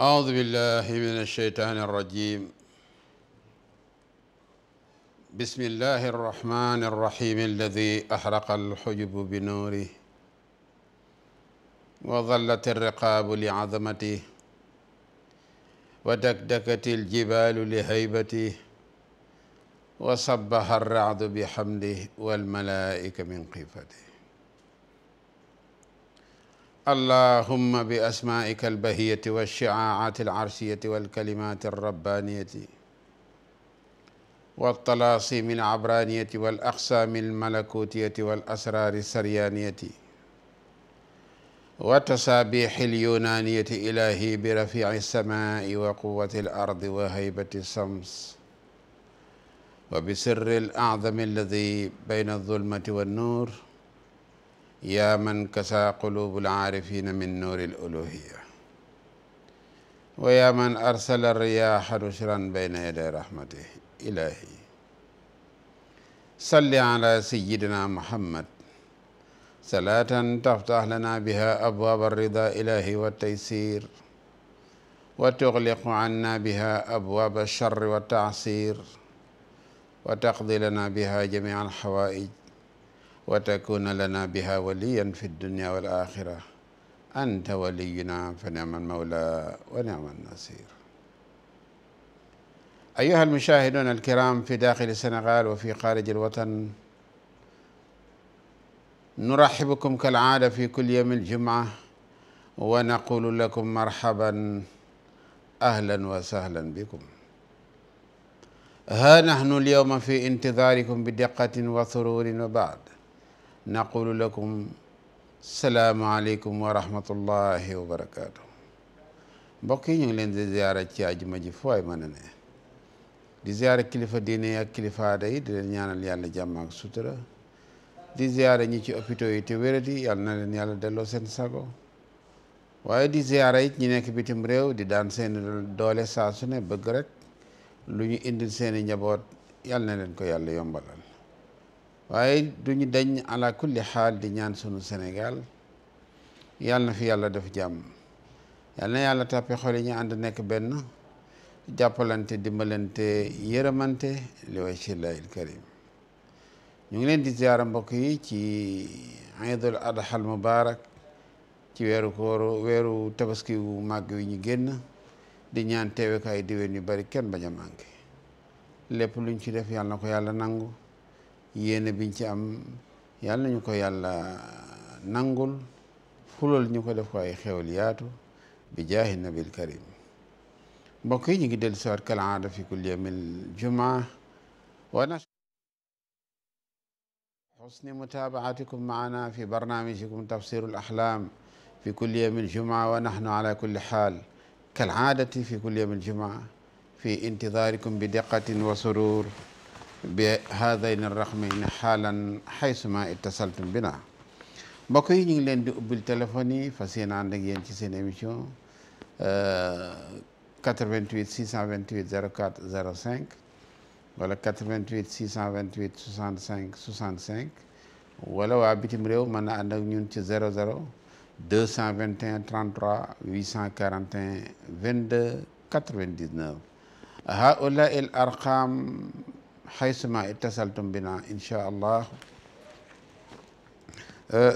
أعوذ بالله من الشيطان الرجيم بسم الله الرحمن الرحيم الذي أحرق الحجب بنوره وظلت الرقاب لعظمته ودكدكت الجبال لهيبته وصبح الرعد بحمده والملائكة من خيفته allahumma bi asmaa'ika albahiyati wa shi'aa'aati alcarsiyati walkalimaati alrabbaaniyati والطلاسم العبرانية والأقسام الملكوتية والأسرار السريانية وتسابيح اليونانية إلهي برفيع السماء وقوة الأرض وهيبة الشمس وبسر الأعظم الذي بين الظلمة والنور yaa man kasa quluubul aarifina min nuuril uluhiyya wa yaa man arsala riyaaha bushran bayna yaday rahmati ilaahi salli ala sayyidina muhammad salaatan taftax lana biha abwaaba rida ilaahi wa taysir wa tuxliqu anna biha abwaaba charri wa taasir wa taqdi lana biha jamia alxawaij wa takuna lana biha waliyan fi dunya wal axira anta waliyuna fa ni'mal mawla wa ni'man nasir أيها المشاهدون الكرام في داخل السنغال وفي خارج الوطن نرحبكم كالعادة في كل يوم الجمعة ونقول لكم مرحبا أهلا وسهلا بكم ها نحن اليوم في انتظاركم بدقة وسرور وبعد naqulu lakum salaamaaleykum wa rahmatullahi wa barakaatu mbokk yi ñu ngi leen di ziyaara ci àjjuma ji fooy mën a ne di ziyaara kilifa diine ak kilifa aada yi di leen ñaanal yàlla jàmm ak sutura di ziyaara ñi ci hôpitaux yi te wéradi yàlla na leen yàlla delloo seen sago waaye di ziyaara it ñi nekk bitim réew di daan seen doole saa su ne bëgg rek lu ñu indil seeni njaboot yàlla na leen ko yàlla yombalal waaye duñu dañ ala kulli xaal di ñaan sunu Sénégal yàlla fi yàlla def jàmm yàlla na yàlla tàppe xol ñu ànd nekk benn jàppalante dimbalante yërëmante li way sillaahil karim ñu ngi leen di ziyaara mbokk yi ci iidul adhal mubarak ci weeru tabaskiwu weeru màgg wi ñu génn di ñaan teewe ko ay yu bari kenn bañ a manqué lépp luñ ci def yàlla na ko yàlla nangu yéene biñ ci am yàlla nañu ko yàlla nangul fulal ñu ko def ko ay xewal yaatu bi jaahi nabil karim mbokk yi ñu ngi dellu siwaat kal aada fi kulli yawmil jumaa wa nas xusni mutabaatikum maana fi barnaamijikum tafsirul axlaam fi kulli yawmil jumaa wa nahnu ala kulli xaal kal aadati fi kulli yawmil jumaa fi intidaarikum bi diqqatin wa surur bihadayni raxmayni xaalan xaysuma ittasaltum bina mbokk yi ñu ngi leen di ubbil téléphone yi fas yéene ànd ak yéen ci seen émission 88 628 04 05 wala 88 628 65 65 wala waa bitim réew mën na ànd ak ñun ci 00 221 33 841 22 99 haula il arqam حيثما اتصلتم بنا إن شاء na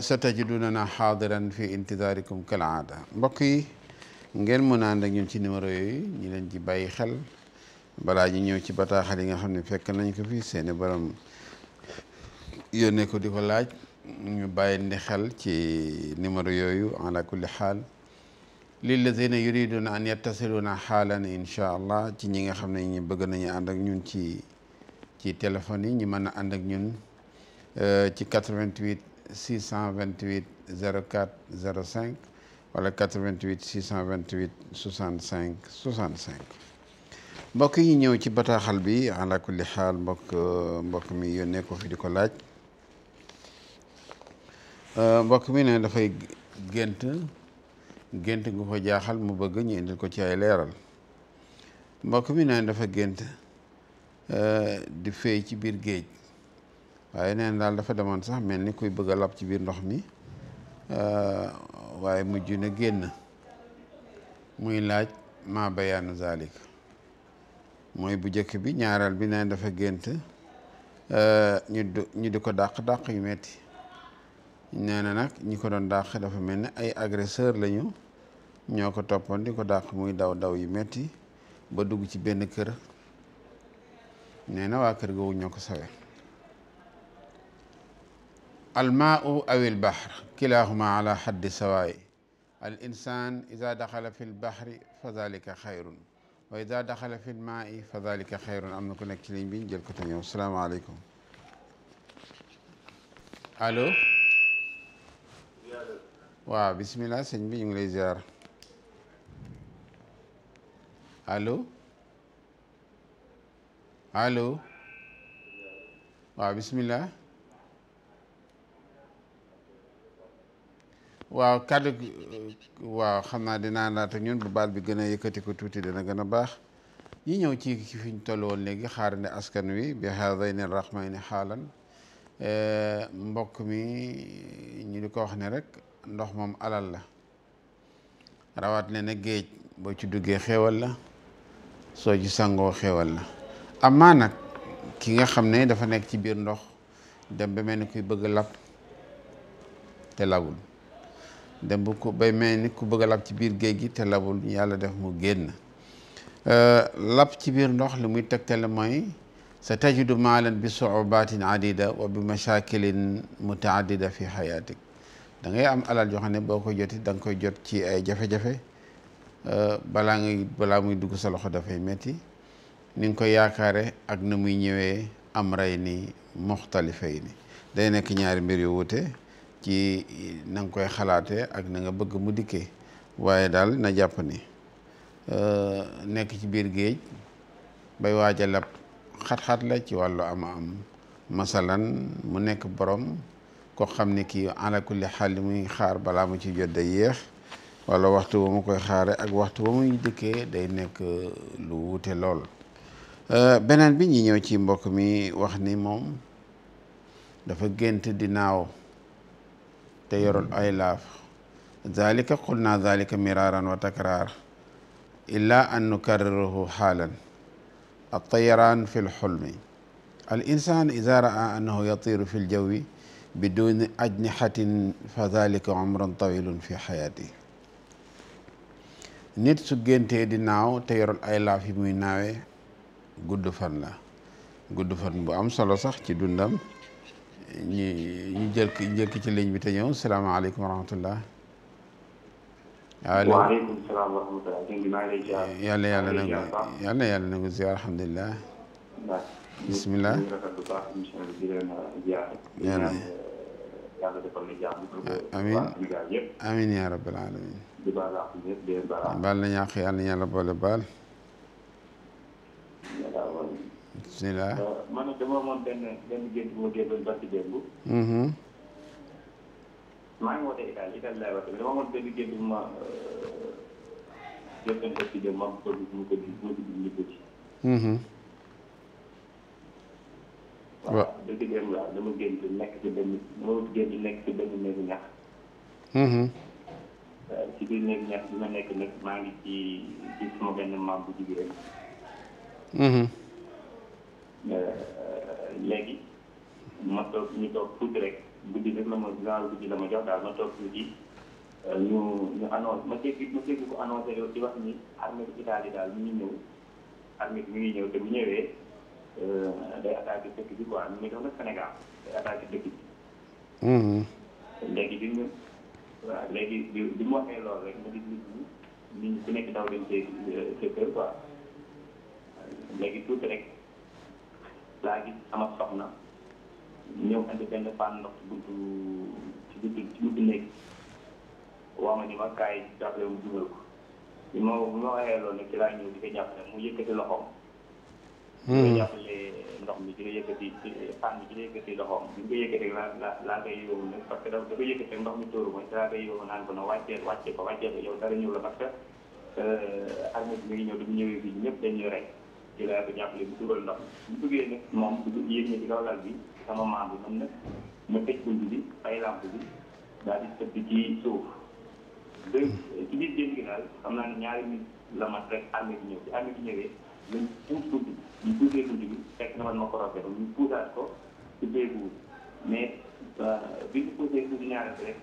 ستجدوننا حاضرا في انتظاركم كالعادة mbokk ngeen mën a ànd ñun ci numéro yooyu ñu leen ci bàyyi xel balaa ñu ñëw ci bataaxal yi nga xam ne fekk nañ ko fi seeni borom yónnee ko di ko laaj ñu bàyyi ndi xel ci numéro yooyu ala kulli xaal lillazina yuriduna an yattasiruna xaalan incha allah ci ñi nga xam ne ñu bëgg nañu ànd ak ñun ci ci téléphone yi ñu mën a ànd ak ñun euh, ci 88 628 04 05 wala 88 628 65 mbokk yi ñëw ci bataaxal bi ala kulli xaal mbokk mbokk mi yónnee ko ko laaj euh, mbokk mi dafay gént gént gu ko jaaxal mu bëgg ñu indil ko ci ay leeral mbokk mi ne dafa gént Eh, di feey ci biir géej waaye neen daal dafa demoon sax mel ni kuy bëgg a lab ci biir ndox mi eh, waaye mujj na génn muy laaj ma bayaanu zalik mooy bu jëkk bi ñaareel bi neen dafa gént eh, ñu du di ko dàq-dàq yu metti nee na nag ñi ko doon dàq dafa mel ni ay agresseur lañu ñoo ko toppoon di ko dàq muy daw daw yu metti ba dugg ci benn kër nee na waa kër googu ñoo ko sawe almaau aw ilbahr kilahuma ala xaddi sawaay al insan ida daxala fi lbahri fa dalika xayrun wa fi lmaai fa dalika am na ku nekk ci ligne bi jël ko te ñëw salaamaaleykum allo bismillah sëñ bi ñu ngi lay ziar allo allo waa bismillah waaw kàdd waaw xam naa dinaa naat ñun bu baal bi gën a yëkkati ko tuuti dana gën a baax ñi ñëw ci ci fi ñu toll woon léegi xaarandi askan wi bi haadayni rahmayni xaalan mbokk mi ñu di ko wax ne rek ndox moom alal la rawat ne na géej boo ci duggee xéewal la soo ci sangoo xéewal la amaa nag ki nga xam ne dafa nekk ci biir ndox dem ba mel ni kuy bëgg a lab te labul dem ba ku ba mel ni ku bëgg a lab ci biir géej gi te labul yàlla def mu génn euh, lap ci biir ndox li muy tegtale mooy sa tajidu maalan bi suubatin adida wa bi mashakilin mutaadida fi xayaatik da ngay am alal joo xam ne boo koy joti danga koy jot ci ay jafe-jafe euh, balaa ngay balaa muy dugg sa loxo dafay metti ni nga ko yaakaare ak na muy ñëwee am ray ni muxtalifay ni day nekk ñaari mbir yu wuute ci nanga koy xalaatee ak na nga bëgg mu dikkee waaye daal na jàpp ni euh, nekk ci biir géej bay waaj a lab xat-xat la ci wàllu ama am masalan mu nekk borom koo xam ni kii ala kulli li muy xaar balaa mu ci jot day yéex wala waxtu ba mu koy xaare ak waxtu ba muy dikkee day nekk euh, lu wuute lool Euh, beneen bi ñi ñëw ci mbokk mi wax ni moom dafa gént di naaw te yoroon ay laaf zalika qul naa zalika miraran wa takrar illa an nukarriruhu xaalan altayaraan fi lxulmi al insan ida raa annahu yatiru fi ljawi biduni ajnihatin fa zalika umrun tawilun fi xayaati nit su géntee di naaw te yoroon ay laaf yi muy naawee gudd fan la gudd fan bu am solo sax ci dundam ñu ñu jël ki njëkk ci ligne bi te ñëw salaamaaleykum wa rahmatullah. allo waaleykum salaam wa rahmatullah. yàlla yàlla na nga yàlla yàlla na nga ziar alhamdulilah. bisimilah. amiin amiin yaa rabbal bisimilah. Euh, man dama amoon benn benn gént bu ma génnoon barki démb. Mm-hmm. maa ngi wootee Italie benn bu ma génnoon euh, barki ma ko mu mm-hmm. benn benn néegu ñax. Mm-hmm. Euh, maa ngi ci ci benn maam bu jigéen. Mhm. Euh, euh, léegi ma toog ñu toog tuuti rek guddi rek la ma genre ma jox daal ma toog tuuti euh, ñu ñu annonce ma dégg ma dégg ko annoncé di wax ni armée bi Italie daal ñu ñëw armée bi mu ngi ñëw te bu ñëwee day attaqué dëkk bi quoi ñu ngi dox nag Sénégal day attaqué dëkk bi. Mhm. léegi bi léegi bi bi mu waxee loolu rek ma gis nit ku nekk daw leen see kër quoi. léegi tuuti rek laa gis sama soxna ñëw andi benn paan ndox ci buntu ci buntu ci buntu néeg waa ma ni ma kaay jàppale mu dugal ko bi ma bi ma waxee loolu nag ci laa ñëw di ko jàppale mu yëkkati loxoom. Hmm. di ko mi ci la yëkkati paan bi ci la yëkkati loxoom bi nga yëkkati rek laa laa laa koy yóbbu nag parce que da da ko ndox mi tóoru mooy ci laa koy yóbbu naan ko nag wàccee wàccee ko wàccee ko yow dara ñëw la parce que euh, armée bi mi ngi ñëw du ñëwee fii ñëpp dañ ñuy rey. ci la ko jàppale bu dugal ndox bu duggee nag moom bu yéeg ne ci kaw lal bi sama maam bi moom nag mu tëj bunt bi fay lamp bi daal di tëdd ci suuf dé ci biir géej gi daal xam naa ne ñaari nit la mat rek armée bi ñëw ci armée bi ñëwee lañ puus bunt bi ñu puusee bunt bi fekk na man ma ko robbee ko ci euh, bi ñu puusee suuf ñaareel rek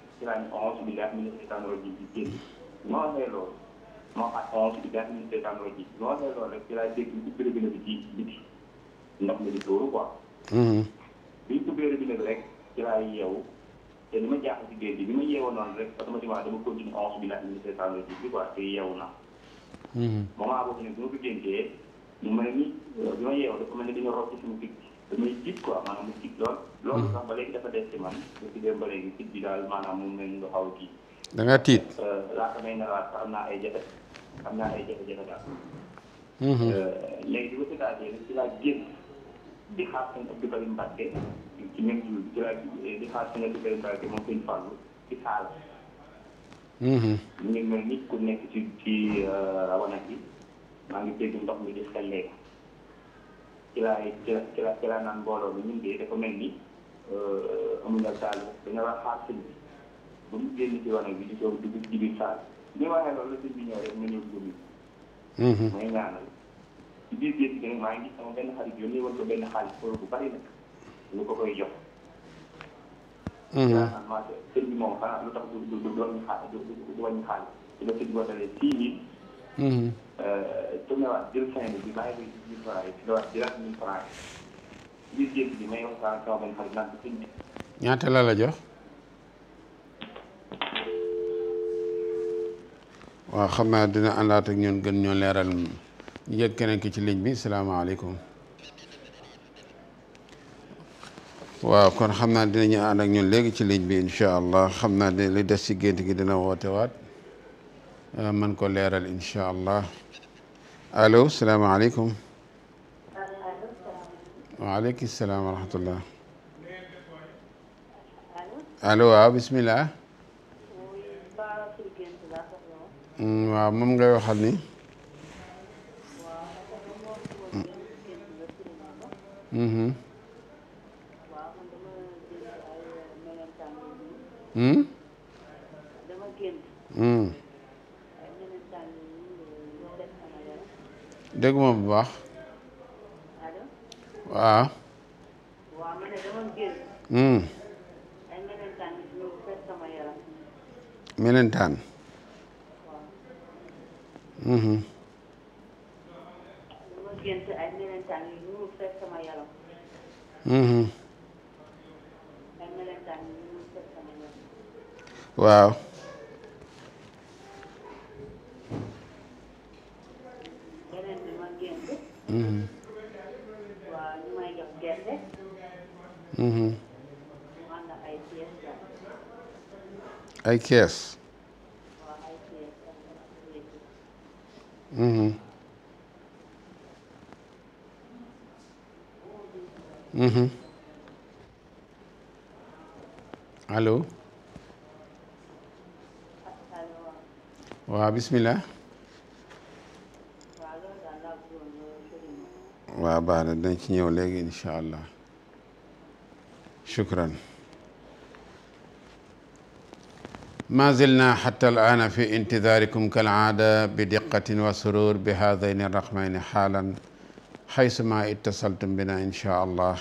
ma waxee loolu moo tax on se gerte ñu seetaan loo ji bi ma waxee loolu rek ci laa dégg ñu ubbi robinet bi ci ndox mi di tuuru quoi. Mm-hmm. bi ñu ubbee robinet bi rek ci laa yeewu te ma jaaxle ci géej mm-hmm. bi ma yeewoo na. moment boobu mu euh, ma yeewoo dafa mel ni dañoo rob ci suñu picc mu jiit lool. Mm-hmm. loolu sax ba léegi dafa des man ba ci dem ba léegi bi daal maanaam mu mel ni nga xaw a kii. da tiit. laata may nelawaat am naa ay jafe am naa ay jafe-jafe daal. léegi bi ko tëtaatee ci laa génn di xaar seen Abdou Karim Mbacke ci même jour ci laa di ci saal. Mhm. ñu ngi mel ni ku nekk ci ci euh, wanag yi maa ngi dégg ndox mi di xellee ci laa ci la ci laa naan mbooloo mi ñun de dafa mel ni euh, amuñu la saal dañoo war xaar sëñ ba mu génn ci wanag bi di doog ci biir saal bi waxee loolu la sëñ bi ñëw rek ma ñëw gumi mhm. may ñaanal ci biir génn rek maa ngi sama benn xarit yónnee xaalis bu bari lu ko koy jox mhm. yaakaar naa bi moom xanaa lu tax du ci la sëñ bi wootalee six mille mhm. euh, tournewaat jël cinq bi bàyyi ko ci mille la la waaw xam naa dina àndaat ak ñun gën ñoo leeral ñu jël keneen ki ci ligne bi salaamaaleykum waaw kon xam naa dinañu ànd ak ñun léegi ci ligne bi incha allah xam naa ne li des ci gént gi dina woote waat euh, man ko leeral incha allah allo salaamaaleykum waaleykum salaam wa allo waaw bismillah Mm, waaw moom nga waxal ni dégg ma bu baax waaw mm. melentaan ma mm-hmm. gént mm-hmm. mm-hmm. ay melentaan yu ñuul fekk waaw. beneen waaw ñu may jox gerte. mu ànd ak Mm-hmm. Mm-hmm. allo waaw bismillah waaw baax na dinañ ci ñëw léegi incha allah shukran ما زلنا حتى الآن في انتظاركم كالعادة بدقة وسرور بهذين الرقمين حالا حيثما اتصلتم بنا إن شاء الله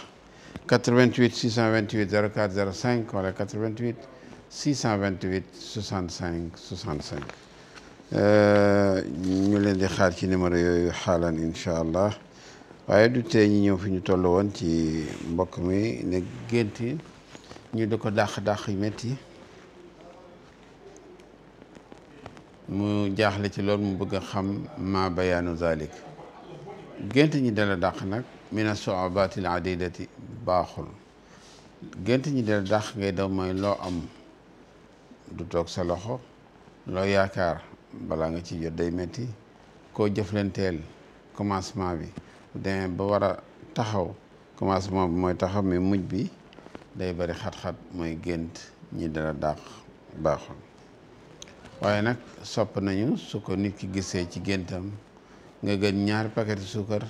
88 628 04 05 ولا 88 628 65 65 ñu leen di xaar ci numéro yooyu xaalan incha allah waaye du tee ñi ñëw fi ñu toll woon ci mbokk mi ne génti ñu di ko dàq dàq yu métti mu jaaxle ci loolu mu bëgg a xam ma bayaanu zalik gént ñi dala dàq nag mina soabatil adidati baaxul gént ñi dala dàq ngay daw mooy loo am du toog sa loxo loo yaakaar balaa nga ci jot day métti koo jëflanteel commencement bi demee ba war a taxaw commencement bi mooy taxaw mi mujj bi day bari xat-xat mooy gént ñi dala dàq baaxul waaye nag sopp nañu su ko nit ki gisee ci géntam nga gën ñaari paquet suukar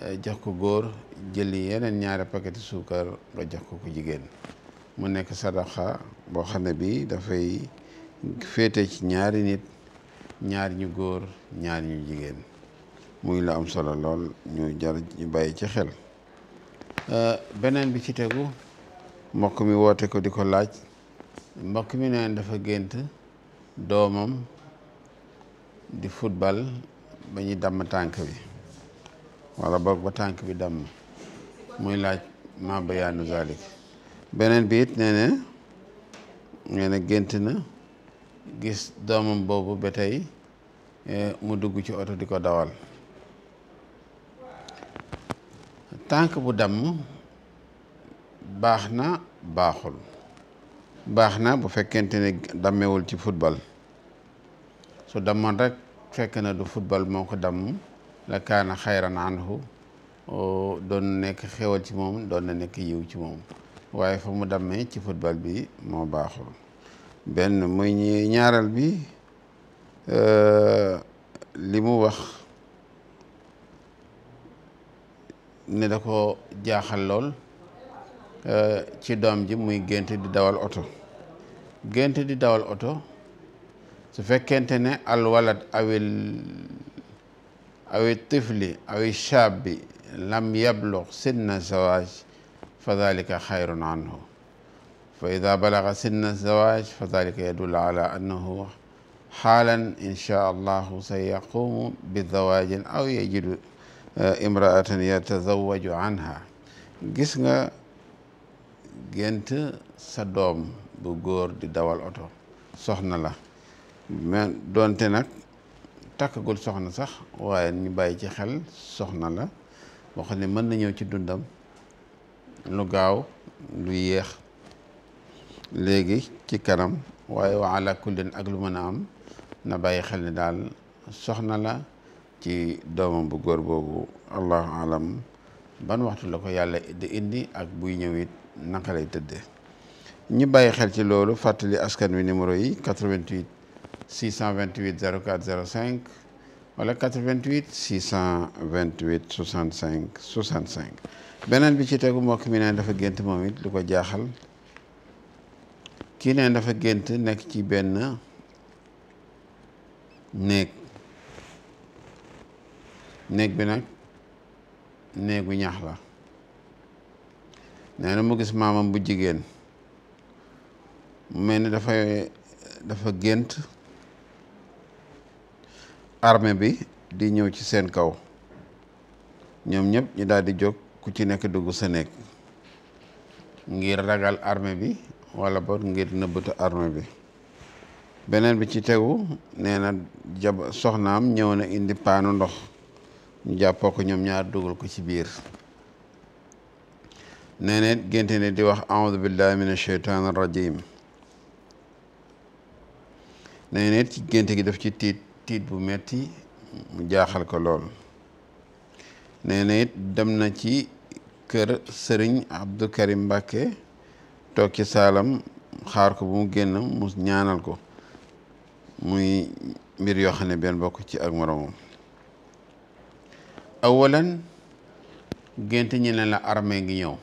eh, jox ko góor jëli yeneen ñaari paquet suukar nga jox ko ku jigéen mu nekk sadaxa boo xam ne bi dafay féete ci ñaari nit ñaar ñu góor ñaar ñu jigéen muy la am solo lool ñu jar ñu bàyyi ci xel eh, beneen bi ci tegu mbokk mi woote ko di ko laaj mbokk mi neen dafa gént doomam di futbal ba ñuy damm tànk bi wala boog ba tànk bi damm muy laaj ma bayaanu zalik beneen bi it nee na nee gént na gis doomam boobu ba tey eh, mu dugg ci oto di ko dawal tànk bu damm baax na baaxul baax na bu fekkente ne dammewul ci football su dammoon rek fekk na du football moo ko damm la kaana xayran anhu doon nekk xewal ci moom doon na nekk yiw ci moom waaye fa mu dammee ci football bi moo baaxul benn muy ñaaral bi e, li mu wax ne da ko jaaxal lool e, ci doom ji muy gént di dawal oto gént di dawal oto su fekkente ne alwalad awil awi tifli awi shabi lam yablug sinna zawaj fa dalika xayrun anhu fa ida balaga sinna zawaj fa dalika yadullu ala annahu xaalan inchaa allahu sa yaqumu bi zawajin aw yajidu eh, imraatan yatazawaju anha gis nga gént sa doom bu góor di dawal oto soxna la mais doonte nag takkagul soxna sax waaye ñu bàyyi ci xel soxna la boo xam ne mën na ñëw ci dundam lu gaaw lu yéex léegi ci kanam waaye wa ala kullin ak lu mën a am na bàyyi xel ni daal soxna la ci doomam bu góor boobu allahu alam ban waxtu la ko yàlla di indi ak buy ñëwit it lay tëddee ñu bàyyi xel ci loolu fàttali askan wi numéro yi 88 628 04 05 wala 88 628 65 65 beneen bi ci tegu mbokk mi neen dafa gént moom it lu ko jaaxal kii neen dafa gént nekk ci benn néeg néeg bi nag néegu ñax la nee mu gis maamam bu jigéen mu mel ni dafay dafa gént armée bi di ñëw ci seen kaw ñoom ñëpp ñu daal jóg ku ci nekk dugg sa nekk ngir ragal armée bi wala boog ngir nëbbatu armée bi beneen bi ci tegu nee na jab soxnaam ñëw na indi paanu ndox ñu jàppoo ko ñoom ñaar dugal ko ci biir nee na génte ne di wax aoudu billahi min asheytan arrajim nee na ci génte gi daf ci tiit tiit bu metti mu jaaxal ko lool nee na it dem na ci kër sëriñ Abdou Karim Mbàkke toog ci saalam xaar ko bu mu génn mu ñaanal ko muy mbir yoo xam ne benn bokk ci ak moroomam awalan gént ñi ne la armée ngi ñëw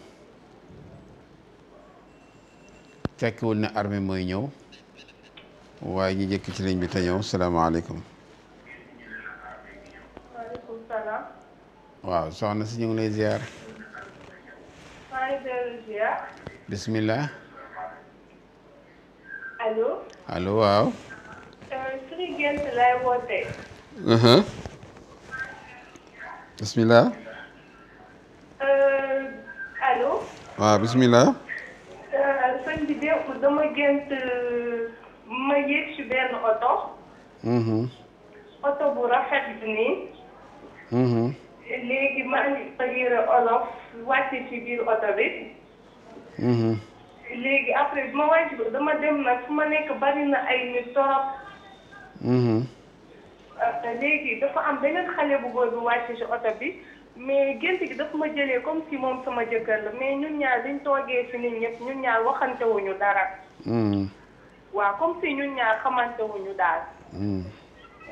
fekkiwul ne armée mooy ñëw waaye ñu jëkk ci liñ bi te ñëw salaamaaleykum waaw soxna si ñu ngi lay ziar. maa ngi dellu ziar. bisimilah. allo. allo waaw. Euh, suñu gént lay wootee. Uh-huh. bisimilah. Euh, allo. waaw bisimilah. Euh, sëñ bi ma yéeg ci benn oto. Mm-hmm. oto bu rafet bi nii. Mm-hmm. léegi maa ngi fa yére olof wàcce ci biir oto bi. Mhm. léegi après bi ma wàcc dama dem nag fu ma nekk bari na ay nit torop. Mhm. Euh, léegi dafa am beneen xale bu góor bu wàcc ci oto bi mais gént gi dafa ma jëlee comme si moom sama jëkkër la mais ñun ñaar liñ toogee fi nit ñëpp ñun ñaar waxante dara. Mhm. waa comme si ñun ñaar xamante wuñu daal.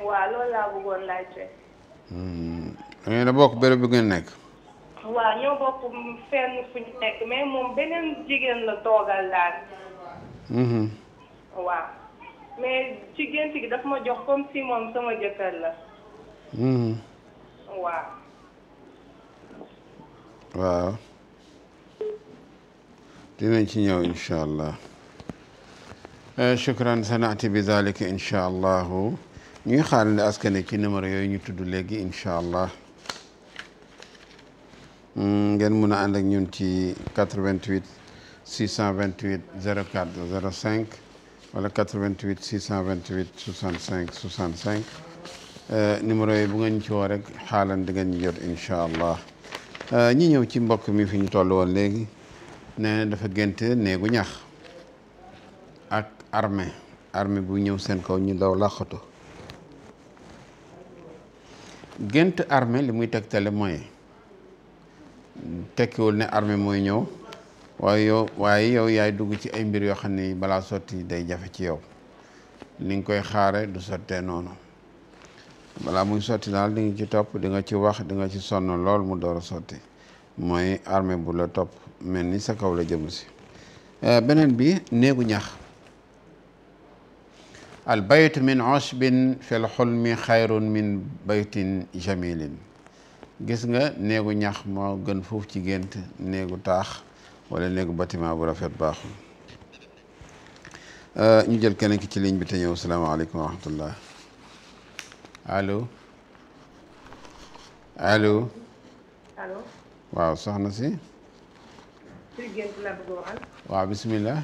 waaw loolu laa bëggoon laajte. da ngeen a bokk béréb bi ngeen nekk. waaw ñoo bokk fenn fu ñu nekk mais moom beneen jigéen la toogal daal. Mhm. mais ci gént gi daf ma jox comme si moom sama jëkkër la. Mhm. waaw. waaw. dinañ ci ñëw incha allah. Eh, shukran sanaati bi zalika incha allahu ñuy xaarandi askan ci numéro yooyu ñu tudd léegi incha allah. Mm, ngeen mun a ànd ak ñun ci 88 628 04 05 wala 88 628 65 65 numéro yi bu ngeen ci woo rek xaalan di ngeen ñu jot incha allah euh, ñi ñëw ci mbokk mi fi ñu toll woon léegi nee dafa génte néegu ñax ak armée armée bu ñëw seen kaw ñu daw làqatu gént armée li muy teg tegtale mooy tekkiwul ne armée mooy ñëw waaye yow waaye yow yaay dugg ci ay mbir yoo xam ne balaa sotti day jafe ci yow ni nga koy xaare du sottee noonu balaa muy sotti daal di nga ci topp di nga ci wax di nga ci sonn lool mu door a sotti mooy armée bu la topp mel ni sa kaw la jëm si euh, beneen bi néegu ñax al baytu min oshbin fil xulmi xayrun min baytin jamilin gis nga néegu ñax moo gën foofu ci gént néegu taax walla néegu bâtiment bu rafet baaxul euh, ñu jël kenn ki ci ligne bi te ñëw salaamaaleykum wa rahmatullah waaw soxna si. waa gént la bismillah.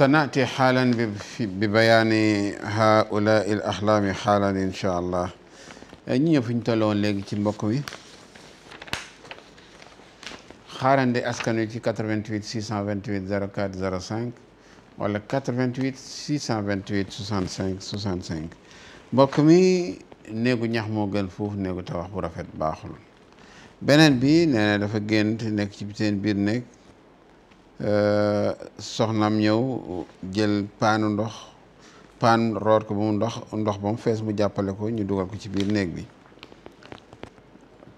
سنأتي حالا ببيان هؤلاء الأحلام حالا إن شاء الله ñi ñëpp ñu tolloon léegi ci mbokk mi xaarandi askan wi ci 88 628 04 05 wala 88 628 65 65 mbokk mi néegu ñax moo gën foofu néegu tabax bu rafet baaxul beneen bi nee na dafa nekk ci biir nekk Euh, soxnam ñëw jël paanu ndox paan root ko ba mu ndox ndox ba fees mu jàppale ko ñu dugal ko ci biir néeg bi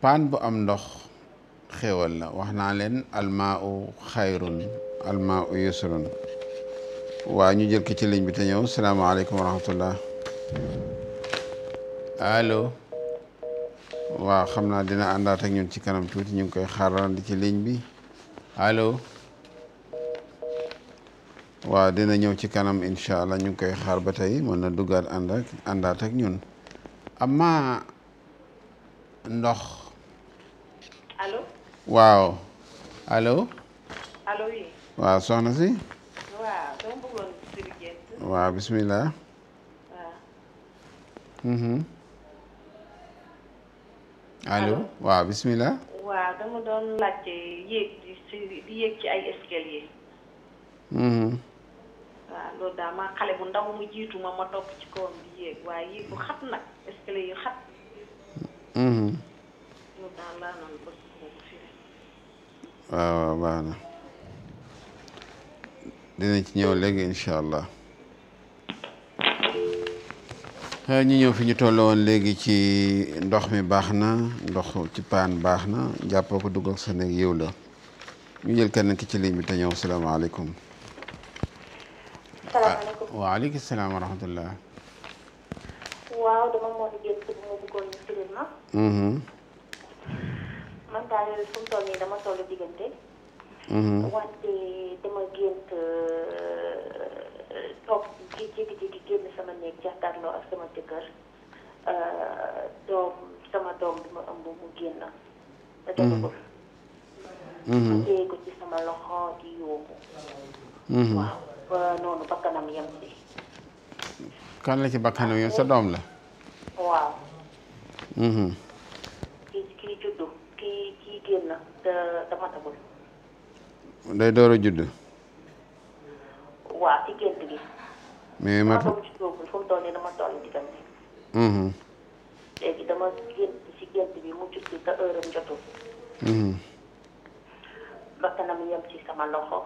paan bu am ndox xéewal la wax naa leen almaa u xayrun almaa u yusrun waa ñu jël ko ci ligne bi te ñëw salaamaaleykum wa rahmatullah allo waa xam naa dina àndaat ak ñun ci kanam tuuti ñu ngi koy xaarandi ci ligne bi allo waaw dina ñëw ci kanam incha allah ñu ngi koy xaar ba tey mën na duggaat ànd ak àndaat ñun ama ndox. allo. waaw allo. allo oui. waaw soxna si. waaw bismillah. waaw. Mhm. waaw bismillah. waaw mhm. waaw waaw baax na dinañ ci ñëw léegi incha allah. ñu ñëw fi ñu toll woon léegi ci ndox mi baax na ndox ci paan baax na jàppoo ko dugg ak sa néeg yiw la ñu jël kenn ci ligne bi te ñëw salaamaaleykum. salaamaaleykum waaw dama moo di génn bu mm-hmm. dama toll diggante. Mm-hmm. wante dama gént euh, toog ji jékki-jékki génn sama néeg jàkkaarloo ak sama jëkkër euh, doom sama doom bi ma ëmb mu génn. Mm-hmm. te dama ko. ma téye ko ci sama loxo yóbbu. ba noonu bakkanam yem si. kan la ci bakkanam yem sa doom la. waaw. Mm-hmm. kii juddu kii kii génn te dama tagul. day door a judd. waaw ci gént mu toll nii dama toll diggante. Mm-hmm. léegi dama mm-hmm. yem ci sama loxo.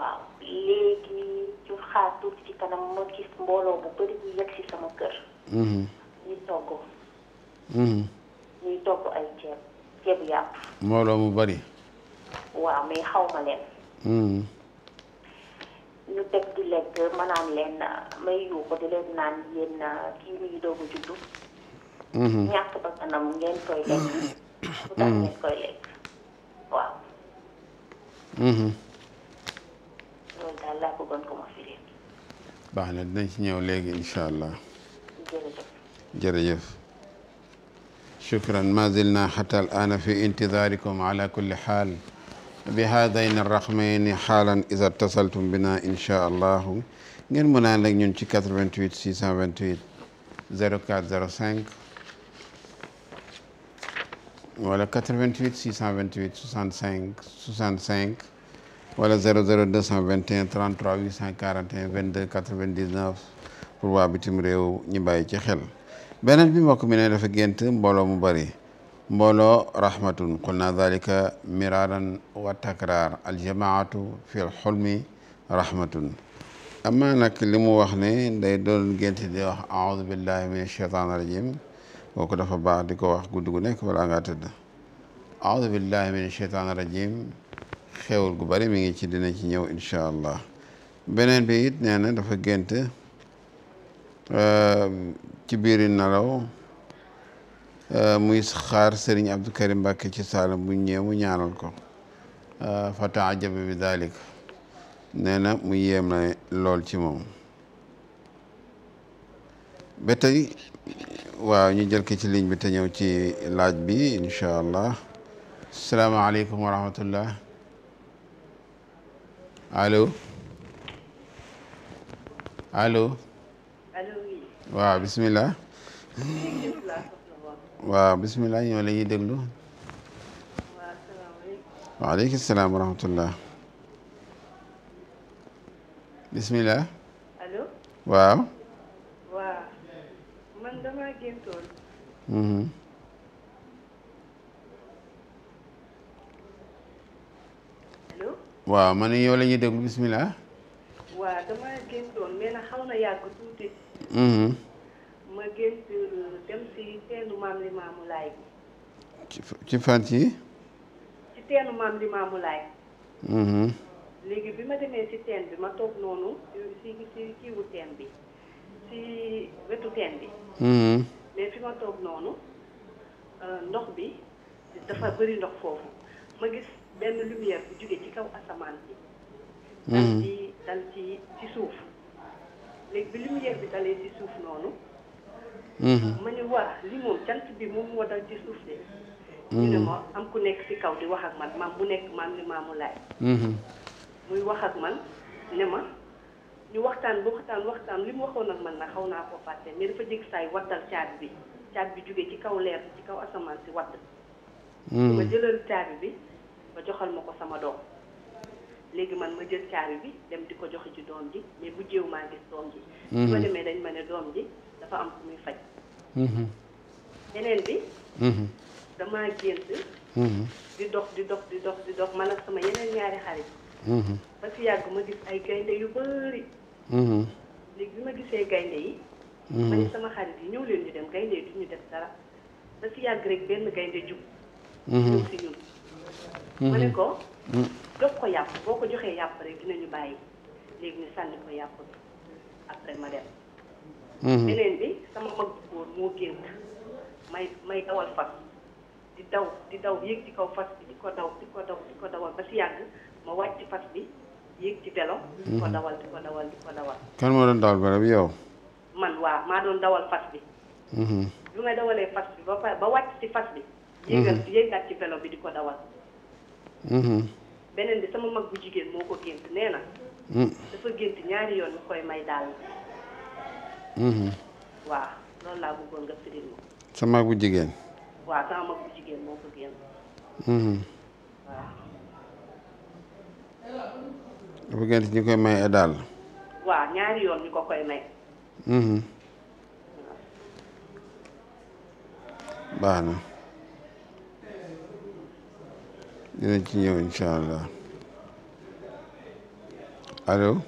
waaw léegi ñu xaar tuuti ci kanam ma gis mbooloo bu bëri ñu yegg sama kër. ñuy togg. ñuy togg ay ceeb ceeb yàpp. mbooloo mu bari waaw mais xaw ma leen. Hmm. ñu teg di lekk ma leen may yu di leen naan yéen kii muy doog juddu. Hmm. ñàkk ba kanam ngeen koy lekk. bu hmm. tax ngeen koy lekk waaw. ñaanal laa bëggoon ko ma firi. baax na dinañ ci ñëw léegi incha allah. jërëjëf. jërëjëf. shukran ma zilna xata al aana fi intidaarikum ala kulli xaal bi haadayni raxmayni xaalan ida tasaltum bina incha allahu ngeen mën a ànd ak ñun ci 88 628 04 05 wala 88 628 65 65 wala 00 221 33 841 22 99 pour waa bitim réew ñu bàyyi ci xel beneen bi mbokk mi ne dafa gént mbooloo mu bari mbooloo rahmatun qulna dalika miraran wa takrar aljamaatu fi lxulmi rahmatun ama nag li mu wax ne day doon gént di wax aoudu billahi min alcheitan rajim kooku dafa baax di ko wax guddi gu nekk balaa ngaa tëdd aoudu billahi min alcheitan rajim xewul gu bari mi ngi ci dina ci ñëw incha allah beneen bi it nee dafa gént euh, ci biiri nalaw euh, muy xaar Serigne Abdou Karim Mbàkke ci Saalum bu ñëw mu ñaanal ko euh, fa taajaba bi daalik nee na mu yéem na lool ci moom ba tey waaw ñu jël ko ci ligne bi te ñëw ci laaj bi incha allah salaamaaleykum wa allo allo. allo oui. waaw bisimilah. waaw bisimilah ñoo la ñuy déglu. waaleykum salaam wa rahmatullah. bisimilah. waa waaw. waaw man damaa waaw man ne yow la ñuy déglu bisimilah. waaw dama géntoon mais nag xaw na yàgg tuuti. Mm-hmm. ma gént dem si teenu maam li maamu mm-hmm. léegi bi ma demee si teen bi ma toog noonu si si kiiwu teen bi si wetu teen bi. Mm-hmm. mais fi ma toog noonu euh, ndox bi dafa bëri ndox foofu ma gis. benn lumière bu jógee ci kaw asamaan bi mhm. dal ci dal ci suuf léegi lumière bi dalee ci suuf noonu mhm. ma ne waa li moom jant bi moom moo dal ci suuf de mhm. ñu ne am ku nekk ci kaw di wax ak man maam bu nekk maam ni maamu laay muy wax ak man ne ma ñu waxtaan bu waxtaan waxtaan li mu waxoon ak man na xaw naa ko fàtte mais dafa jég saay waddal caat bi caat bi jógee ci kaw leer ci kaw asamaan si wadd ma jëlal caat bi ba joxal ma ko sama doom léegi man ma jël caabi bi dem di ko joxe ci doom ji mais bu jéew maa gis doom ji su ma mhm. demee dañ ma ne doom ji dafa am ku muy faj yeneen mhm. bi mhm. damaa gént di dox di dox di dox di dox man ak sama yeneen ñaari xarit ba si yàgg ma gis ay gaynde yu bëri léegi bi ma gisee gaynde yi ma ne sama xarit yi ñëw leen ñu dem gaynde yi duñu def dara ba si yàgg rek benn gaynde jub ma ko. Mm-hmm. jox ko yàpp boo ko joxee yàpp rek dinañu bàyyi léegi ñu sànni ko yàpp bi après ma dem. Mm-hmm. beneen bi sama mag bu góor moo gént may may dawal fas di daw di daw yéeg ci kaw fas bi di ko daw di ko daw di ko dawal ba si yàgg ma wàcc fas bi yéeg ci vélo. Mm-hmm. di ko dawal di ko dawal di moo doon dawal ba rek yow. man waa maa doon dawal fas bi. lu may dawalee fas bi ba pare ba wàcc ci fas bi. yéegal yéegaat ci vélo bi di ko dawal. Mm-hmm. beneen bi sama mag bu jigéen moo ko gént nee na. Mm. dafa gént ñaari yoon ñu koy may daal. Mm-hmm. waaw loolu laa bëggoon nga firil ma. sa mag bu jigéen. waaw sama mag bu mm-hmm. koy may daal. waaw ñaari yoon ñu ko koy may. baax na. dinañ ci ñëw incha allah allo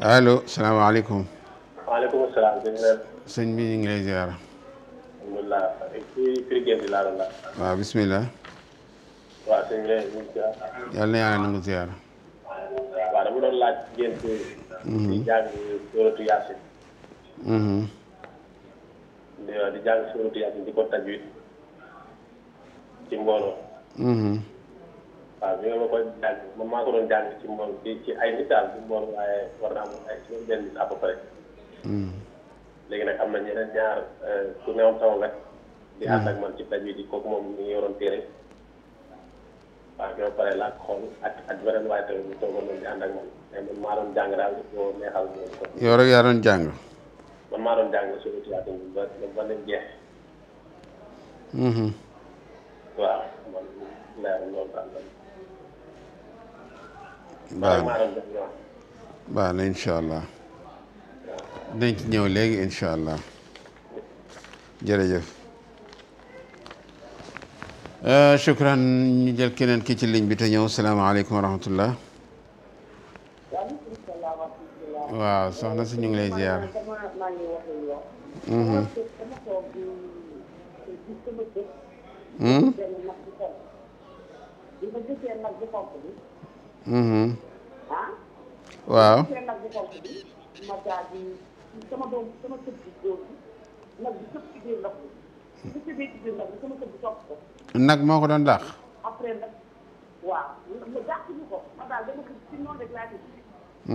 allo salaamaaleykum. waaleykum salaam. sëñ bi ñu ngi lay ziar. alhamdulilah ci Firi Gueye bi laa doon laaj. waaw bisimilah. waaw sëñ bi ñu ngi ziar. yal na yàlla nangu ziar. waaw dama doon laaj gént. Mhm. di jàng sóoratu Yaasin. Mhm. di jàng sóoratu Yaasin di ko tajwid ci mbooloo. waaw bi nga ma maa ko doon jàng ci mbooloo ci ci ay misaal ci mbooloo waaye war naa am ay suñu benn à peu léegi nag am na ñeneen ñaar ku newoon sama wet. di ànd man ci taj bi di kooku moom mi ngi yoroon téere. waaw ñoo pare laa ko xool ak ak beneen waaye tamit ñu toogoon nañ di maa doon jàng daal boo neexal moom. yow rek yaa doon jàng. man maa doon jàng suñu tuyaat ba ba nañ jeex. waaw man leer loolu daal la. baax na baax na incha allah. dinañ ci ñëw léegi incha allah. jërëjëf. Euh, shukran ñu jël keneen kii ci ligne bi te ñëw salaamaaleykum wa waaw soxna si ñu ngi lay ziar. Hmm? Hmm? waaw. nag moo ko doon dàq.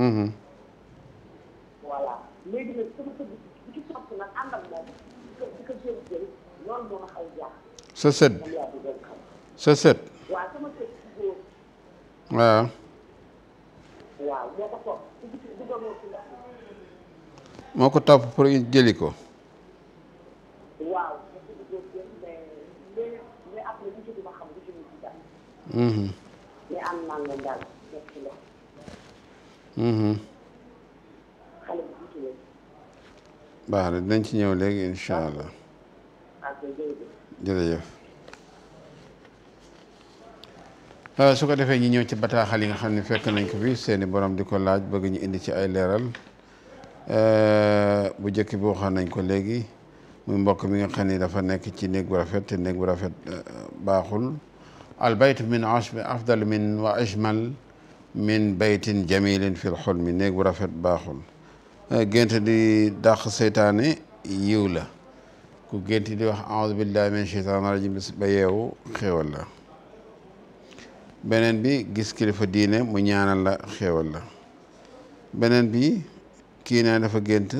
Hmm. voilà léegi ma xaw a sa sët bi waaw moo ko topp pour jëli ko mhm. Mhm. baax na dinañ ci ñëw léegi incha allah jërëjëf euh, su ko defee ñi ñëw ci bataaxal yi nga xam ne fekk nañ ko fi seeni borom di ko laaj bëgg ñu indi ci ay leeral euh, bu njëkk bi waxoon nañ ko léegi muy mbokk mi nga xam ni dafa nekk ci néeg bu rafet te néeg bu rafet euh, baaxul al bayt min ashbi afdal min wa ajmal min baytin jamilin fil mi néeg bu rafet baaxul gente di dàq seytaane yiw la ku génti di wax aoudu billahi min cheytaan rajim ba yeewu xéewal la beneen bi gis kilifa diine mu ñaanal la xéewal la beneen bi kii naa dafa gént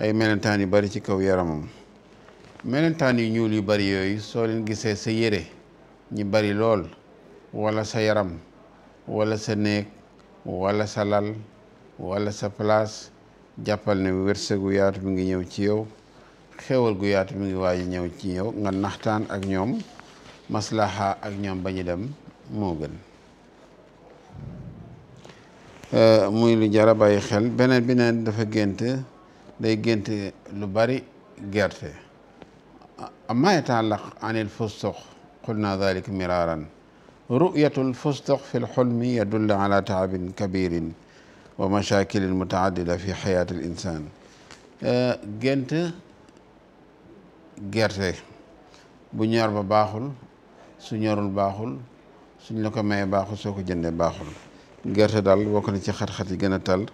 ay melentaan yu bari ci kaw yaramam melentaan yu ñuul yu bari yooyu soo leen gisee sa yére ñi bari lool wala sa yaram wala sa néeg wala sa lal wala sa place jàppal ne wërsëgu yaatu mi ngi ñëw ci yow xéewal gu yaatu mi ngi waaji ñëw ci yow nga naxtaan ak ñoom maslaha ak ñoom ba dem moo gën euh, muy lu jara xel beneen bi neen dafa gént day gént lu bari gerte amma yataallaq anil fustox qul naa dalika miraaran ru'yatul fi lxulmi yadullu ala taabin kabirin wa mashakilin mutaadida fi xayaati l insan euh, gerte bu ñor ba baaxul su ñorul baaxul suñ la ko mayee baaxul soo ko jëndee baaxul gerte daal bokk na ci xat-xat yi gën a tal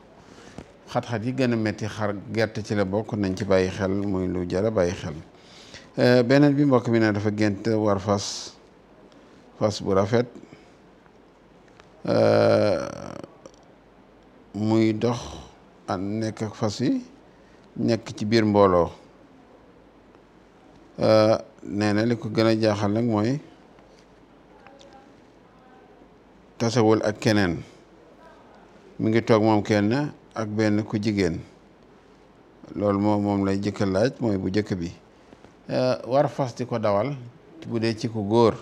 xat-xat yi gën a metti xar gerte ci la bokk nañ ci bàyyi xel muy lu jara bàyyi xel eh, beneen bi mbokk mi ne dafa gént war fas fas bu rafet eh, muy dox an nekk ak fas yi nekk ci biir mbooloo nee na li ko gën a jaaxal nag mooy tasawul ak keneen mu ngi toog moom kenn ak benn ku jigéen loolu moom moom lay jëkka laaj mooy bu jëkk bi eh, war fas di ko dawal bu dee ci ku góor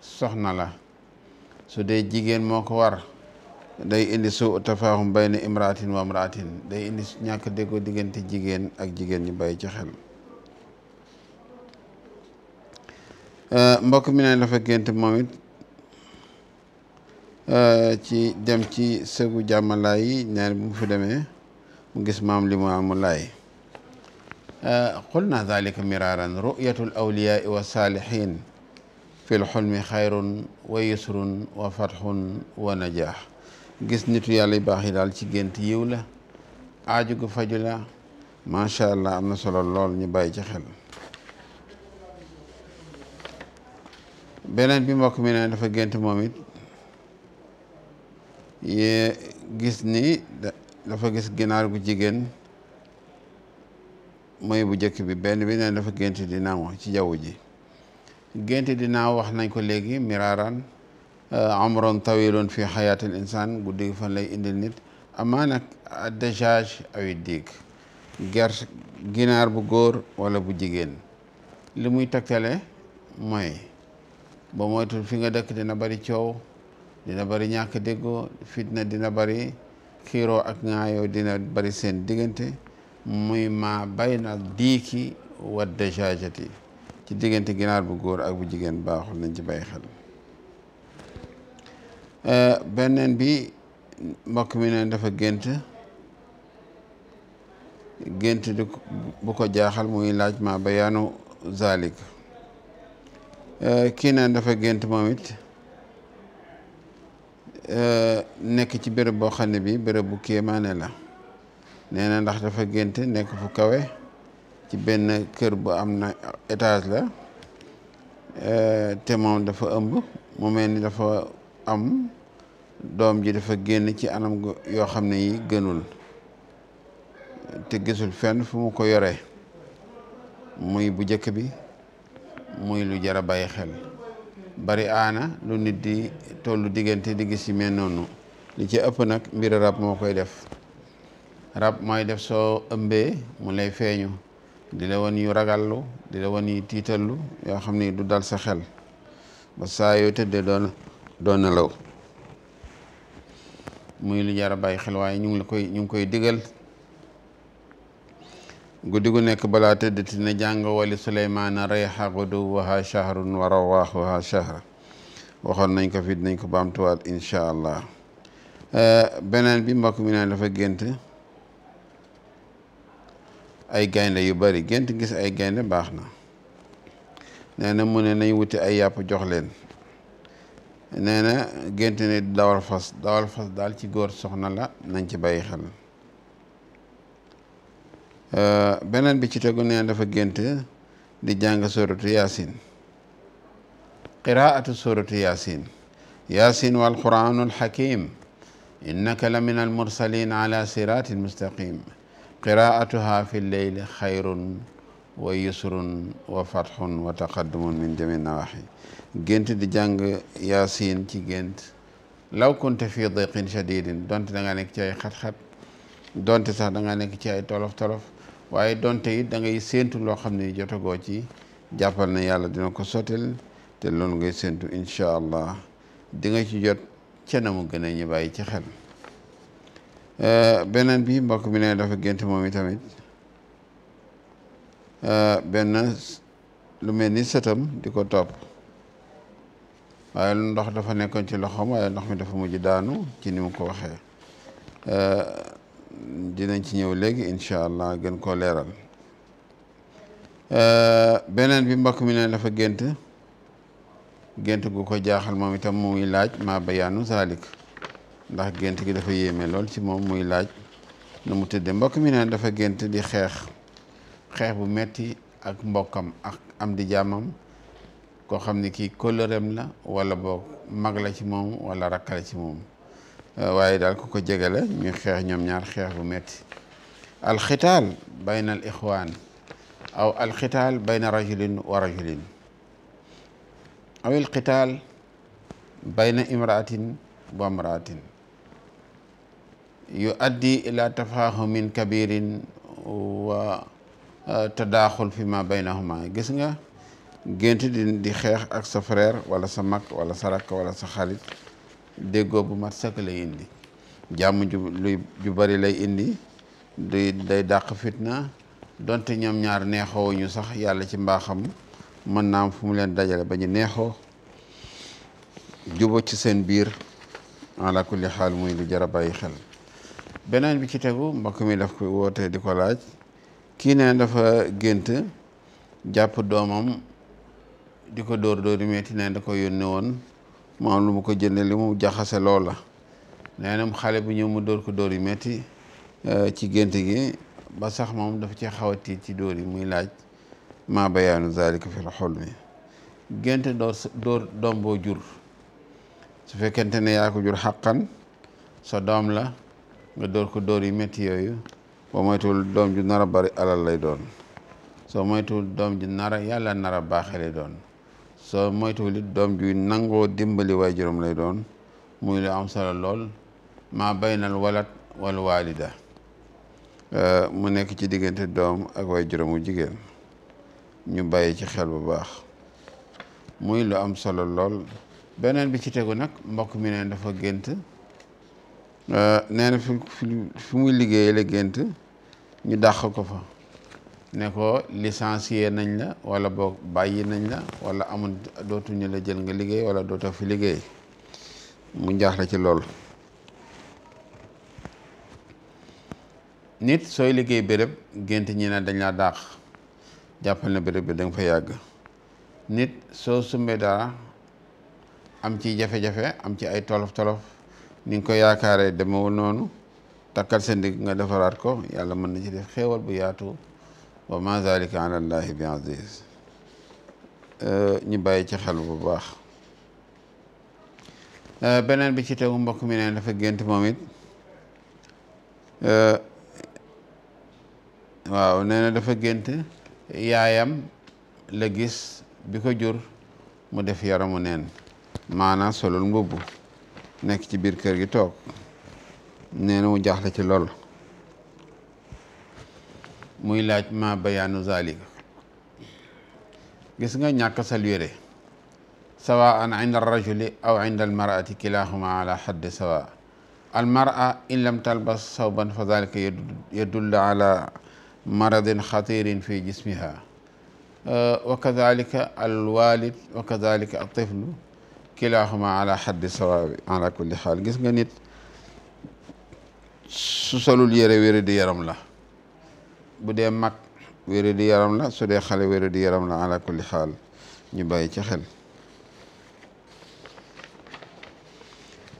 soxna la su dee jigéen moo ko war day indi su tafaaxum bayna imraatin wa imraatin day indi ñàkk déggoo diggante jigéen ak jigéen ñu bay ci xel Euh, mbokk mi ne dafa gént moom it euh, ci dem ci sëgu jàmmalaay yi neen mu fi demee mu gis maam li mu amu laay euh, qulna dalika miraaran ruyatul awliyaai wa saalihin fi lxulmi xayrun wa yusrun wa fatxun wa najaax gis nitu yàlla yu baax yi daal ci gént yiw la aaju gu faju la macha allah am na solo lool ñu bàyyi ci xel beneen bi mbokk mi ne dafa gént moom it yee gis ni dafa gis ginaar bu jigéen mooy bu jëkk bi benn bi ne dafa gént di naaw ci jaww ji gént di wax nañ ko léegi miraaran euh, amron tawilun fi xayaatil insaan guddi fan lay indil nit amaa nag dajaj awi diig gert ginaar bu góor wala bu jigéen li muy tegtale mooy ba moytul fi nga dëkk dina bari coow dina bari ñàkk déggoo fitna dina bari xiiroo ak ŋaayoo dina bari seen diggante muy ma bayna diiki wa dajaajati ci diggante ginaar bu góor ak bu jigéen baaxul nañ ci bàyyi xel euh, benneen bi mbokk mi neen dafa gént gént du ko jaaxal muy laaj ma bayaanu zalik Eh, kii naan dafa gént moom it eh, nekk ci béréb boo xam ne bi béréb bu kéemaane la nee na ndax dafa gént nekk fu kawe ci benn kër bu am na étage la eh, te moom dafa ëmb mu mel ni dafa am doom ji dafa génn ci anam yoo xam ne yi gënul te gisul fenn fu mu ko yore muy bu jëkk bi muy lu jar a bàyyi xel bari aana lu nit di tollu diggante di gis yi mel noonu ci ëpp nag mbir rab moo koy def rab mooy def soo ëmbee mu lay feeñu di la wan yu ragallu di la wan yu tiitallu yoo xam ni du dal sa xel ba saa yoo tëddee doon doon nelaw muy lu jar bàyyi xel waaye ñu la koy ñu ngi koy digal guddi gu nekk balaa tëddati na jàng wali suleymaana reyxa guduwaha shahrun wa rawaaxuha shahra waxoon nañ ko fi nañ ko baamtuwaat incha allah eh, beneen bi mbokk mi ne dafa gént ay gaynde yu bari gént gis ay gaynde baax na nee na mu ne nañ wuti ay yàpp jox leen nee na gént ne dawal fas dawal daal ci góor soxna la nañ ci bàyyi xel Euh, beneen bi ci tegu nee dafa gént di jàng suratu yaasin qiraatu suratu yaasin yaasin wal quraanul hakim innaka la min al mursalin ala siratin mustaqim qiraatuha fi lleyli xayrun wa yusrun wa fathun wa taqaddumun min jami nawaxi gént di jàng yaasin ci gént law kunte fi diqin shadidin donte da nga nekk ci ay xat-xat donte sax da nga nekk ci ay tolof-tolof waaye donte it da ngay séentu loo xam ne jotagoo ci jàppal na yàlla dina ko sottil te loolu ngay séentu incha allah di ci jot ca na mu gën a ñu bàyyi ci xel euh, beneen bi mbokk mi ne dafa génte moom i tamit euh, benn lu mel ni sëtam di ko topp waaye lu ndox dafa nekkoon ci loxoom waaye ndox mi dafa mujj daanu ci ni ko waxee euh, dinañ ci ñëw léegi incha allah gën koo leeral euh, beneen bi mbokk mi ne dafa gént gént gu ko jaaxal moom itam muy laaj ma bayaanu zalik ndax gént gi dafa yéeme lool ci moom muy laaj nu mu tëddee mbokk mi ne dafa gént di xeex xeex bu metti ak mbokkam ak am di jàmmam koo xam ni kii kóllëreem la wala boog mag la ci moom wala rakk ci moom Euh, waaye daal ku ko jege la ñu xeex ñoom ñaar xeex bu metti alxitaal bayna al ixwaan aw alxitaal bayna rajulin wa rajulin aw alxitaal bayna imraatin wa imraatin yuaddi ila tafaahumin kabirin wa euh, tadaaxul fi ma baynahuma gis nga gént di xeex ak sa frère wala sa mag wala sa rakk wala sa xarit déggoo bu mat sëkk lay indi jàmm ju bari lay indi day dàq fitna donte ñam ñaar neexoo ñu sax yàlla ci mbaaxam mën naa am fu mu leen dajale ba ñu neexoo jubo ci seen biir ala kulli xaal muy lu jar a bàyyi xel beneen bi ci tegu mbokk mi daf ko woote di ko laaj kii ne dafa gént jàpp doomam di ko dóor dóori metti ne da ko yónne woon mu am lu mu ko jëndee li mu jaxase loola nee na xale bu ñëw mu dóor ko dóor yi metti euh, ci gént gi ba sax moom dafa ci xaw a tiit ci dóor yi muy laaj maa bayaanu zalika fil xulmi gént dóor dóor doom boo jur su fekkente ne yaa jur xaqan sa doom la nga door ko dóor yi metti yooyu boo moytuwul doom ju nar a bari alal lay doon soo moytuwul doom ju nara yàlla nar a doon soo moytuwul it doom juy nangoo dimbali waay juróom lay doon muy lu am solo lool maa baynal walat wal waalida eh, mu nekk ci diggante doom ak waay juróomu jigéen ñu bàyyi ci xel bu baax muy lu am solo lool beneen bi ci tegu nag mbokk mi neen dafa gént eh, nee na fi muy liggéeyee la gént ñu dàq ko fa ne ko licencié nañ la wala boog bàyyi nañ la wala amul dootuñu la jël nga liggéey wala dootoo fi liggéey mu jaaxle ci lool nit sooy liggéey béréb gént ñi na dañ laa daax jàppal na béréb bi da nga fa yàgg nit soo sumbee dara am ci jafe-jafe am ci ay tolof-tolof ni nga ko yaakaaree demewul noonu takkal sa ndig nga defaraat ko yàlla mën na ci def xéewal bu yaatu wa ma zalika ala allahi bi aziz ñu bàyyi ci xel bu baax beneen bi ci tegu mbokk mi dafa gént moom it waaw nee na dafa gént yaayam la gis bi ko jur mu def yaramu neen maanaam solul mbubb nekk ci biir kër gi toog nee na mu jaaxle ci lool muy laaj ma bayaanu zalika gis nga ñàkk saluer sawaan inda alrajuli aw inda almarati kilahuma ala xaddi sawa almara in lam talbas sawban fa zalika yadullu ala maradin xatirin fi jismiha wa kadalika alwalid wa kadalika altiflu kilahuma ala xaddi sawaabi ala kulli xaal gis nga nit su solul yére wére di yaram la bu dee mag wéeru di yaram la su dee xale wéeru di yaram la ala kulli xaal ñu bàyyi ci xel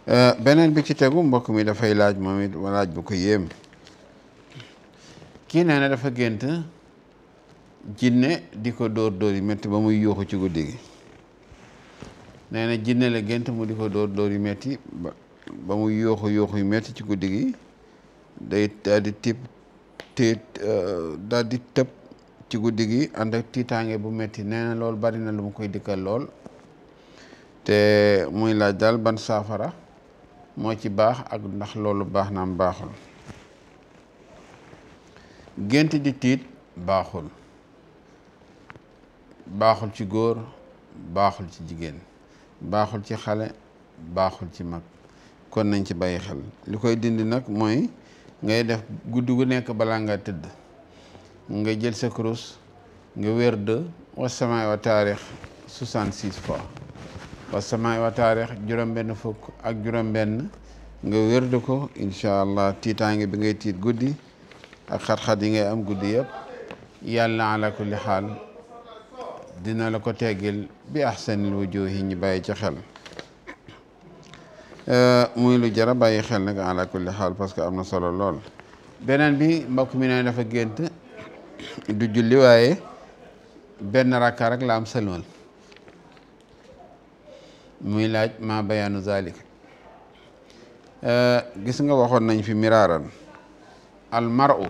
euh, beneen bi ci tegu mbokk mi dafay laaj moom it laaj bu ko yéem kii nee na dafa gént jinne di ko dóor dóor yu métti ba muy yuuxu ci guddi gi nee na jinne la gént mu di ko dóor dóor yu ba muy yuuxu yuuxu yu métti ci guddi gi day daal di tibb te euh, daal di tëb ci guddi gi ànd ak tiitaange bu metti nee na loolu bari na lu mu koy dikkal lool te muy la daal ban saafara moo ci baax ak ndax loolu baax naam baaxul gént di tiit baaxul baaxul ci góor baaxul ci jigéen baaxul ci xale baaxul ci mag kon nañ ci bàyyi xel li koy dindi nag mooy ngay def guddi gu nekk bala nga tëdd nga jël sa kurus nga wér de wasamaay wa taarix 66 fois wasamaay wa taarix juróom-benn fukk ak juróom-benn nga wér de ko incha allah tiitaange bi ngay tiit guddi ak xat-xat yi ngay am guddi yëpp yàlla ala kulli xaal dina la ko teggil bi ahsanil wujuhi ñu bàyyi ci xel Euh, muy lu jara bàyyi xel nag ala kulli xaal parce que am na solo lool beneen bi mbokk mi ne dafa gént du julli waaye benn rakka rek la am sëlmal muy laaj ma bayaanu zalik euh, gis nga waxoon nañ fi miraaran al mar'u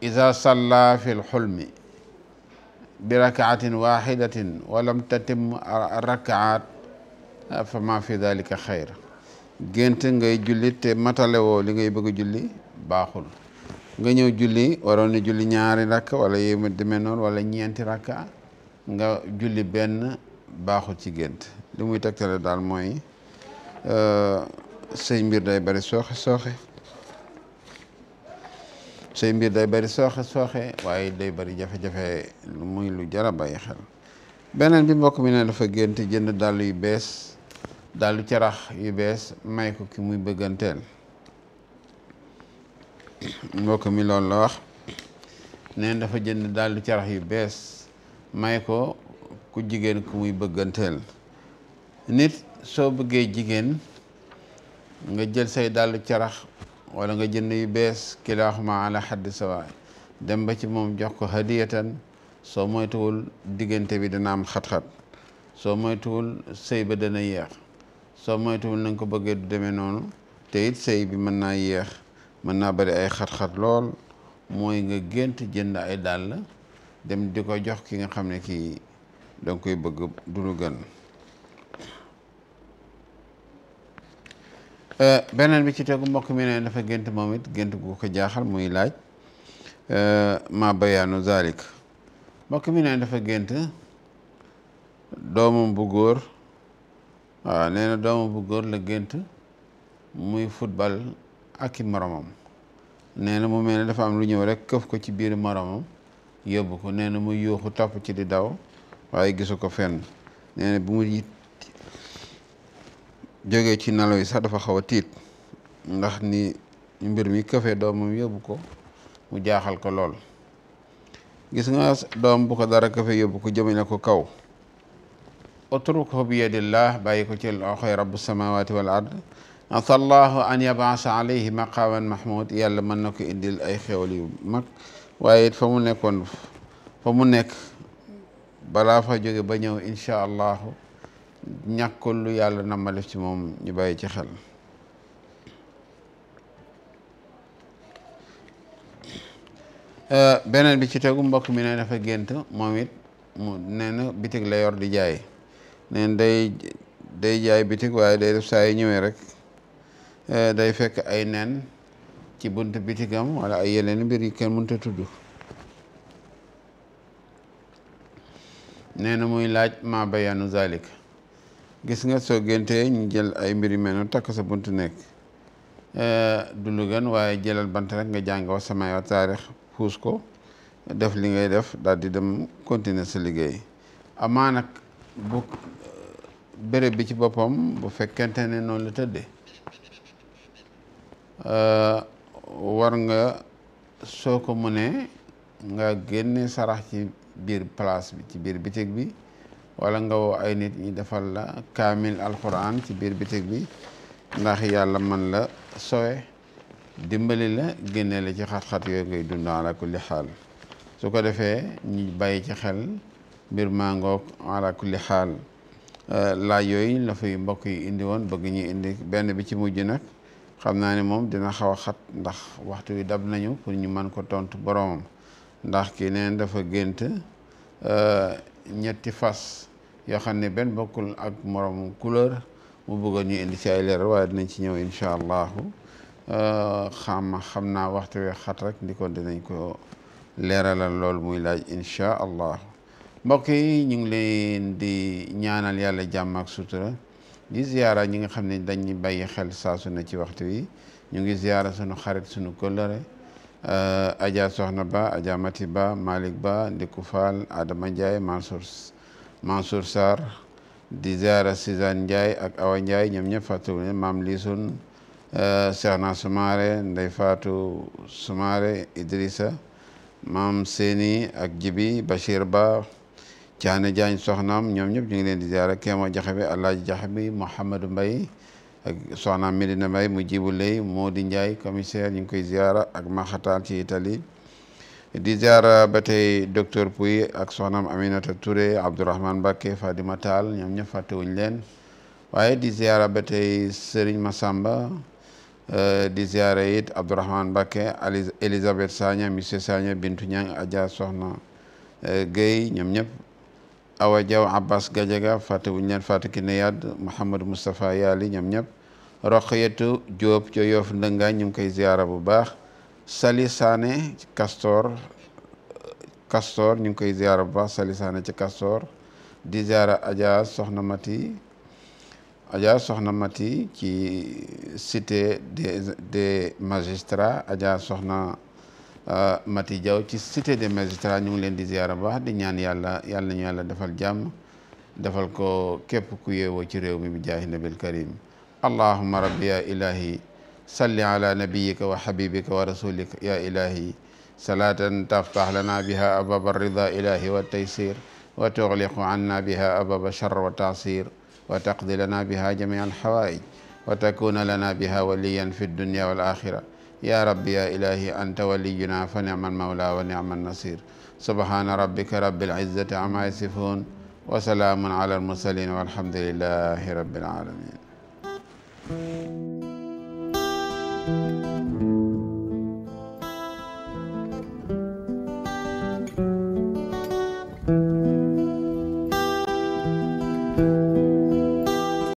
ida salla fi lxulmi bi rakaatin waxidatin walam tatim rakkaat Ah, fa ma fi dalika xayr gént ngay julli te matalewoo li ngay bëgg julli baaxul nga ñëw julli waroon na julli ñaari rakk wala yéema demee noonu wala ñeenti rakk nga julli benn baaxul ci gént li muy tegtale daal mooy euh, say mbir day bari sooxe sooxe say mbir day bari sooxe sooxe waaye day bari jafe-jafe lu muy lu jara bàyyi xel beneen bi mbokk mi ne dafa gént jënd dàll yu bees daal di carax yu bees may ko ki muy bëgganteel mbokk dafa jënd daal carax yu bees may ko ku jigéen ku muy bëgganteel nit soo bëggee jigéen nga jël say dàll carax walla nga jënd yu bees kilaaxuma ala xaddi sawaay dem ba ci moom jox ko hadiyatan soo moytuwul diggante bi dana am xat-xat soo moytuwul sëy ba dana yéex soo moytuwul nañ ko bëggee du demee noonu te it sëy bi mën naa yéex mën naa bari ay xat-xat lool mooy nga gént jënd ay dàll dem di ko jox ki nga xam ne kii danga koy bëgg du lu gën euh, beneen bi ci tegu mbokk mi ne dafa gént moom it gént gu ko jaaxal muy laaj euh, ma bayaanu zalik mbokk mi ne dafa gént doomam bu góor waaw nee na dooma bu góor la gént muy football ak i moromam nee na mu mel ne dafa am lu ñëw rek këf ko ci biir moromam yóbbu ko nee na muy yuuxu topp ci di daw waaye gisu ko fenn nee na bu mu jógee ci nelaw yi sax dafa xaw a tiit ndax ni mbir mi këfee doomam yóbbu ko mu jaaxal ko lool gis nga doom bu ko dara këfee yóbbu ko jëmale ko kaw utrukhu bi yadillah bàyyi ko ci loxoy rabbu samawati wal ard asallahu an yabasa alayhi maqaman mahmud yàlla mën na ko indil ay xéwal yu mag waaye fa mu nekkoon fa mu nekk balaa fa jóge ba ñëw incha allahu ñàkkul lu yàlla nama def ci moom ñu bàyyi ci xel euh, beneen bi ci tegu mbokk mi ne dafa gént moom it mu bitik la yor di jaay neen day day jaay bitig waaye day def saa ñëwee rek eh, day fekk ay nen ci bunt bitigam wala ay yeneen mbir yi kenn mënta tudd nee muy laaj ma bayanu zalik gis nga soo géntee ñu jël ay mbir yu mel noonu takk sa bunt nekk eh, du lu gën waaye jëlal bant rek nga jàng wa samay wa taarix puus ko def li ngay def daal di dem continuer sa liggéey amaa nag bu béréb bi ci boppam bu fekkente ne noonu la tëddee euh, war nga soo ko mënee nga génne sarax ci biir place bi ci biir bitik bi wala nga woo ay nit ñi defal la kaamil alxuraan ci biir bitig bi ndax yàlla man la sowe dimbali la génne la ci xat-xat yooyu ngay dund ala kulli xaal su ko defee ñu bàyyi ci xel mbir maa ngoog ala kulli xaal Euh, laaj yooyu la fay mbokk yi indi woon bëgg ñu indi benn bi ci mujj nag xam naa ne moom dina xaw a xat ndax waxtu wi dab nañu pour ñu man ko tontu boroomam ndax kii neen dafa gént euh, ñetti fas yoo xam ne benn bokkul ak moromu couleur mu bëggoon ñu indi ci ay leeral waaye dinañ ci ñëw incha allahu euh, xam xam naa waxtu wi xat rek ndi ko dinañ ko leeralal loolu muy laaj incha allah. mbokk yi ñu ngi leen di ñaanal yàlla jàmm ak sutura di ziyaara ñi nga xam ne dañuy bàyyi xel saasu na ci waxtu wi ñu ngi ziyaara sunu xarit sunu kóllëre eh, Adja Soxna Ba Adja Mati Ba malik Ba Ndiku Fall Adama Ndiaye Mansour Mansour Sarr di ziyaara Sizane Ndiaye ak Awa Ndiaye ñoom ñëpp fàttu maam liisun eh, Cheikhna Soumaré Ndey Fatou Soumaré Idrissa maam seeni ak Jibi Bachir Ba Caane Jaañ soxnaam ñoom ñëpp ñu ngi leen di ziara Kéema Jaxabe Alaaji Jaxabe Mouhamadou Mbay ak soxnaam na Mbay mu jibu lay moo di Njaay commissaire ñu ngi koy ziara ak maxataan ci Italie di ziara ba tey docteur ak soxnaam Aminata Touré Abdourahmane Mbacké Fadima Tall ñoom ñëpp fàttewuñ leen waaye di ziara ba tey Sëriñ Masamba euh, di ziara it Abdourahmane Mbacké Elisabeth Sagna monsieur Sagna Bintu Ñang Adja Soxna euh, Guèye ñoom ñëpp Awa Diaw Abbas Gadiaga fàtte wuñ leen fàtte ki ne yadd Mouhamadou Moustapha Yaali ñoom ñëpp Roqiyatu Diop ca Yoof Ndëngaan ñu ngi koy ziyaara bu baax Sali Sané Castor Castor ñu ngi koy ziyaara bu baax Sali Sané ci Castor di ziyaara Adja Soxna Mati Adja Soxna Mati ci cité des des magistrats Soxna Euh, Mati Diaw ci cité des magistrats ñu ngi leen di ziyaara baax di ñaan yàlla yàlla nañu yàlla defal jàmm defal ko képp ku yeewoo ci réew mi bi jaahi nabil karim allahuma rabbi ya ilahi salli ala nabiyika wa habibika wa rasulika ya ilahi salatan taftax lana biha ababa rida ilahi wa taysir wa tuxliqu anna biha ababa shar wa tasir wa taqdi lana biha jamia alxawaij wa takuna lana biha waliyan fi dunya wal axira ya rabbi ya ilahi anta waliyuna fa ni'mal mawla wa ni'man nasir subhana rabbika rabbil izzati amma yasifun wa salaamun ala al mursalin walhamdulillahi rabbil alamin